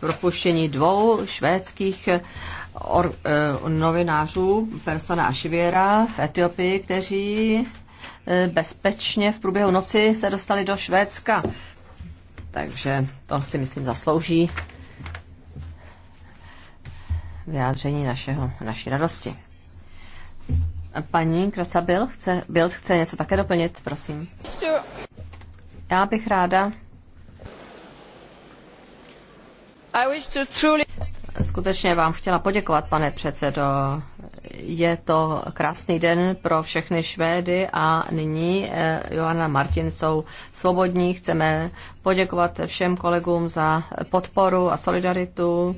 propuštění dvou švédských or, e, novinářů, Persona a Šivěra v Etiopii, kteří e, bezpečně v průběhu noci se dostali do Švédska. Takže to si myslím zaslouží vyjádření našeho, naší radosti. Paní Kraca Bild chce, Bild chce něco také doplnit, prosím. Já bych ráda Skutečně vám chtěla poděkovat, pane předsedo. Je to krásný den pro všechny Švédy a nyní eh, Johanna Martin jsou svobodní. Chceme poděkovat všem kolegům za podporu a solidaritu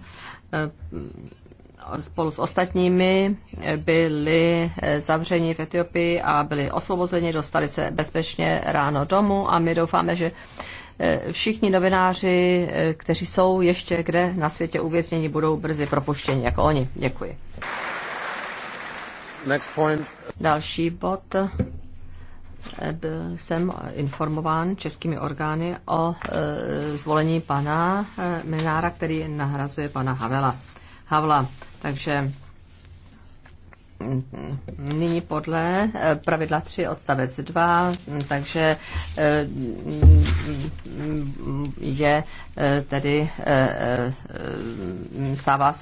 eh, spolu s ostatními eh, byli zavřeni v Etiopii a byli osvobozeni, dostali se bezpečně ráno domů a my doufáme, že Eh, všichni novináři, eh, kteří jsou ještě kde na světě uvězněni, budou brzy propuštěni, jako oni. Děkuji. Next point. Další bod. Eh, byl jsem informován českými orgány o zvolení pana Minára, který nahrazuje pana Havela. Havla. Takže nyní podle eh, pravidla 3 odstavec 2, takže eh, je tedy eh, stává se